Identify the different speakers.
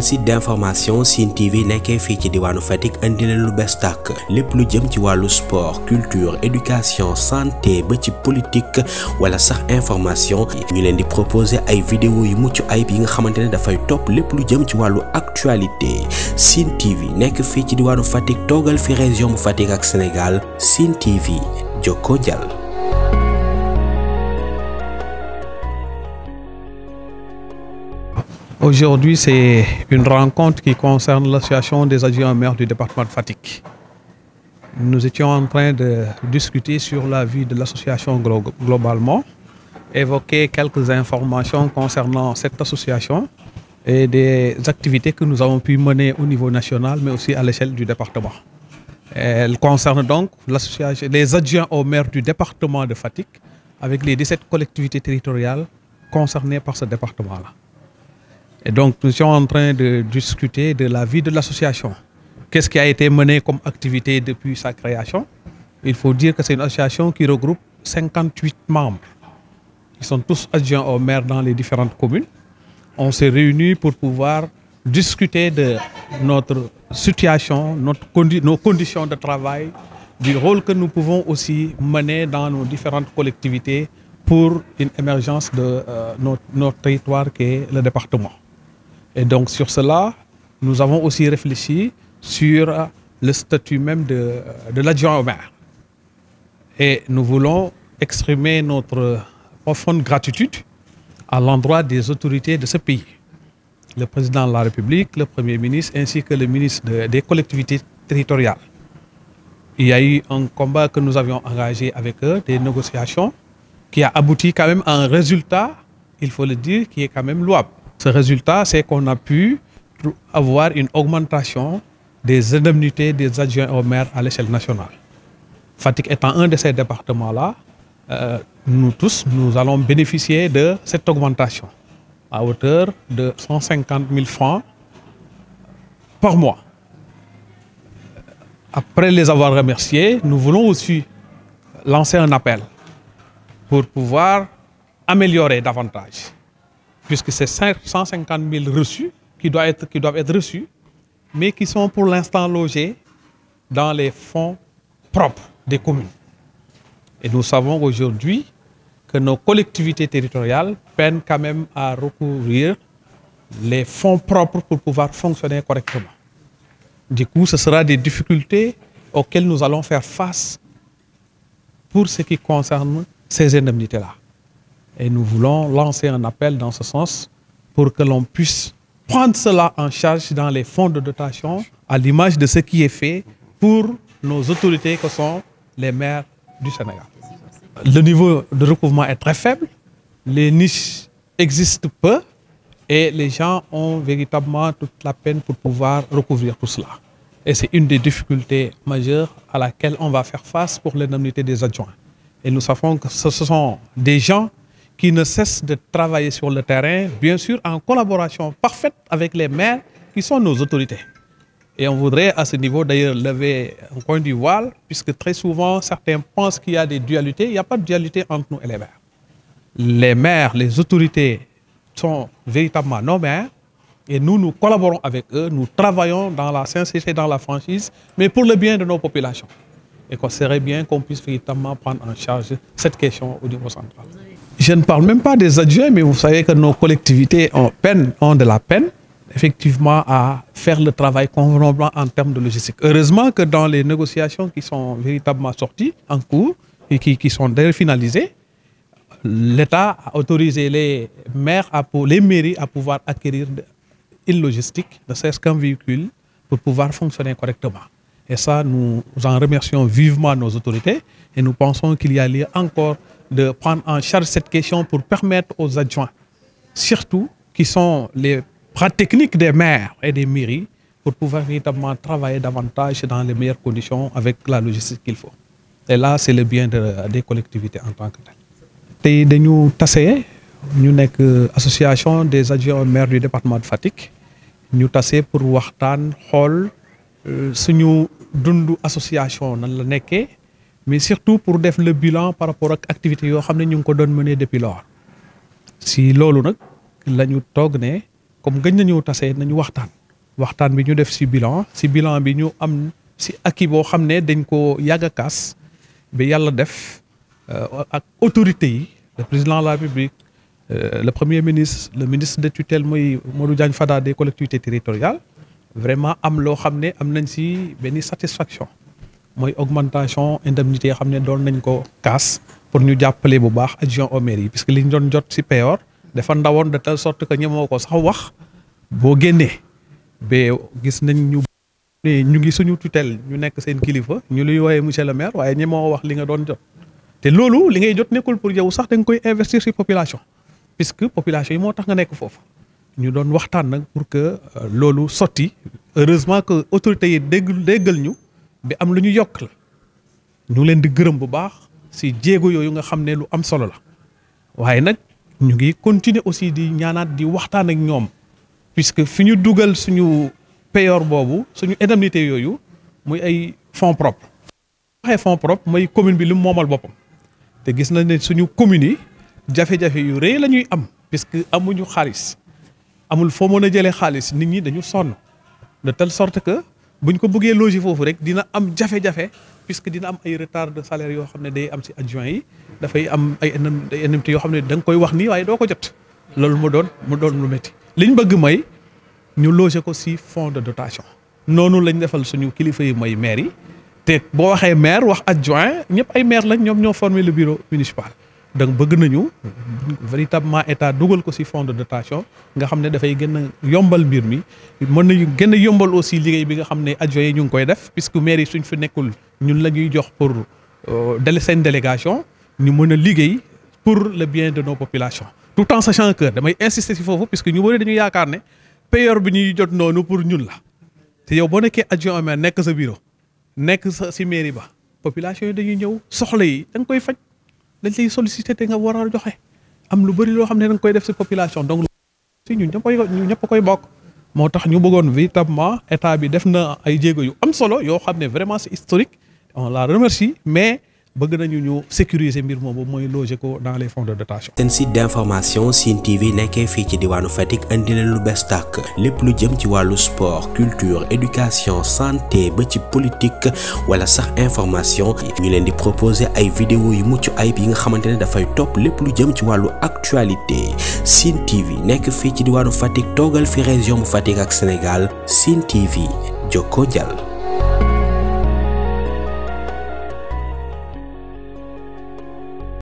Speaker 1: site d'information sin TV qu'un fichier ci diwanu Fatick andi leen lu bees tàkk plus lu jëm ci sport culture éducation santé ba ci politique wala sax information ñu leen di proposer ay vidéo yu muccu ay bi nga xamantene le top top plus lu jëm ci walu actualité sin TV nek fichier ci diwanu Fatick togal fi région bu ak Sénégal sin TV joko Aujourd'hui, c'est une rencontre qui concerne l'association des adjoints maires du département de Fatigue. Nous étions en train de discuter sur la vie de l'association globalement, évoquer quelques informations concernant cette association et des activités que nous avons pu mener au niveau national, mais aussi à l'échelle du département. Elle concerne donc les adjoints au maire du département de Fatigue, avec les 17 collectivités territoriales concernées par ce département-là donc, nous sommes en train de discuter de la vie de l'association. Qu'est-ce qui a été mené comme activité depuis sa création Il faut dire que c'est une association qui regroupe 58 membres. Ils sont tous adjoints au maire dans les différentes communes. On s'est réunis pour pouvoir discuter de notre situation, notre nos conditions de travail, du rôle que nous pouvons aussi mener dans nos différentes collectivités pour une émergence de euh, notre territoire qui est le département. Et donc sur cela, nous avons aussi réfléchi sur le statut même de, l'adjoint au maire. Et nous voulons exprimer notre profonde gratitude à l'endroit des autorités de ce pays. Le président de la République, le Premier ministre, ainsi que le ministre des collectivités territoriales. Il y a eu un combat que nous avions engagé avec eux, des négociations, qui a abouti quand même à un résultat, il faut le dire, qui est quand même louable. Ce résultat, c'est qu'on a pu avoir une augmentation des indemnités des adjoints au maire à l'échelle nationale. Fatigue étant un de ces départements-là, euh, nous tous, nous allons bénéficier de cette augmentation à hauteur de 150 000 francs par mois. Après les avoir remerciés, nous voulons aussi lancer un appel pour pouvoir améliorer davantage puisque c'est 150 000 reçus qui doivent, être, reçus, mais qui sont pour l'instant logés dans les fonds propres des communes. Et nous savons aujourd'hui que nos collectivités territoriales peinent quand même à recourir les fonds propres pour pouvoir fonctionner correctement. Du coup, ce sera des difficultés auxquelles nous allons faire face pour ce qui concerne ces indemnités-là. Et nous voulons lancer un appel dans ce sens pour que l'on puisse prendre cela en charge dans les fonds de dotation, à l'image de ce qui est fait pour nos autorités que sont les maires du Sénégal. Le niveau de recouvrement est très faible, les niches existent peu et les gens ont véritablement toute la peine pour pouvoir recouvrir tout cela. Et c'est une des difficultés majeures à laquelle on va faire face pour l'indemnité des adjoints. Et nous savons que ce sont des gens qui ne cesse de travailler sur le terrain, bien sûr en collaboration parfaite avec les maires qui sont nos autorités. Et on voudrait à ce niveau d'ailleurs lever un coin du voile, puisque très souvent certains pensent qu'il y a des dualités. Il n'y a pas de dualité entre nous et les maires. Les maires, les autorités sont véritablement nos maires, et nous, nous collaborons avec eux, nous travaillons dans la sincérité, dans la franchise, mais pour le bien de nos populations. Et qu'on serait bien qu'on puisse véritablement prendre en charge cette question au niveau central. Je ne parle même pas des adjoints, mais vous savez que nos collectivités ont, peine, ont de la peine effectivement à faire le travail convenablement en termes de logistique. Heureusement que dans les négociations qui sont véritablement sorties en cours et qui, sont déjà finalisées, l'État a autorisé les maires, à, les mairies à pouvoir acquérir une logistique, ne serait-ce qu'un véhicule, pour pouvoir fonctionner correctement. Et ça, nous en remercions vivement nos autorités. Et nous pensons qu'il y a lieu encore de prendre en charge cette question pour permettre aux adjoints, surtout qui sont les pratiques techniques des maires et des mairies, pour pouvoir véritablement travailler davantage dans les meilleures conditions avec la logistique qu'il faut. Et là, c'est le bien des collectivités en tant que telles. Nous dañu tase ñu des adjoints maires maires du département de Fatik. Nous tase pour waxtaan xool euh, suñu dundu association nan la nekkee mais surtout pour faire le bilan par rapport à l'activité que nous depuis lors si ce la comme comme nous nous nañu waxtaan bilan Ce bilan bi ñu si euh, le président de la République euh, le premier ministre le ministre de tutelle des collectivités territoriales vraiment am avons fait satisfaction mooy augmentation indemnité yoo xam ne doon nañ ko kaas pour ñu jàppale bu baax adjoint au maire yi puisque li ñu doon jot si payoor dafa ndawoon de telle sorte que ñemoo ko sax wax boo génnee ba gis nañ ñu ñu ngi suñu tutelle ñu nekk seen kilifa ñu luy wooyee monsieur le maire waaye ñemoo wax li nga doon jot te loolu li ngay jot nekkul pour yow sax da nga koy investir si population que population yi moo tax nga nekk foofu ñu doon waxtaan nag pour que euh, loolu sotti heureusement que autorités yi dégg déggal ñu bi am lu ñu yokk la ñu leen di gërëm bu baax si jéego yooyu nga xam ne lu am solo la waaye nag ñu ngi continuer aussi di ñaanaat di waxtaan ak ñoom puisque fi ñu dugal suñu payor boobu suñu indemnité yooyu muy ay fonds propres waxee fonds mooy commune bi lu moomal boppam te gis nañ ne suñu communes yi jafe-jafe yu rëy la ñuy am puisque amuñu xaalis amul foo mën a jëlee xaalis nit ñi dañu sonn de telle sorte que buñ ko bëggee loger foofu rek dina am jafe-jafe puisque dina am ay retard de salaire yoo xam ne day am si adjoint yi dafay am ay indemnité yoo xam ne da koy wax nii waaye doo ko jot loolu mu doon mu doon lu métti liñ bëgg may ñu loger ko si fonds de dotation noonu lañ defal suñu kilifa yi mooy maire yi te boo waxee maire wax adjoint ñëpp ay maire lañ ñoom ñoo former le bureau municipal donc bëgg nañu véritablement état dugal ko ci fonds de dotation nga xam ne dafay gën a yombal mbir mi mën nañu gën a yombal aussi liggéey bi nga xam ne adjoint yi ñu ngi koy def puisque maire yi suñ fi nekkul ñun lañuy jox pour euh, délé seen délégation ñu mën a liggéey pour le bien de nos population tout en sachant que damay insister ci foofu puisque ñu bëri dañu yaakaar ne payeur bi ñuy jot noonu pour ñun la te yow boo nekkee adjoint au nekk sa bureau nekk sa ci ba population yi dañuy ñëw soxla yi da koy faj. dañ lay sollicité te nga war joxe am lu bëri loo xam ne da koy def si population donc si ñu ñëpp koy ñu ñëpp koy bokk moo tax ñu bëggoon véritablement état bi def na ay jéego yu am solo yoo xam ne vraiment c'est historique on la remercie mais bëgg nañu ñu sécuriser mbir moomu mooy loger ko dans les fonds de dotation. seen site d'information Sine TV nekkee fii ci diwaanu Fatick indi leen lu bees tàkk lépp lu jëm ci wàllu sport culture éducation santé ba ci politique wala sax information ñu leen di proposer ay vidéo yu mucc ayib yi nga xamante ne dafay topp lépp lu jëm ci wàllu actualité Sine TV nekk fii ci diwaanu Fatick toogal fi région bu Fatick ak Sénégal Sine TV jokkoo jàll.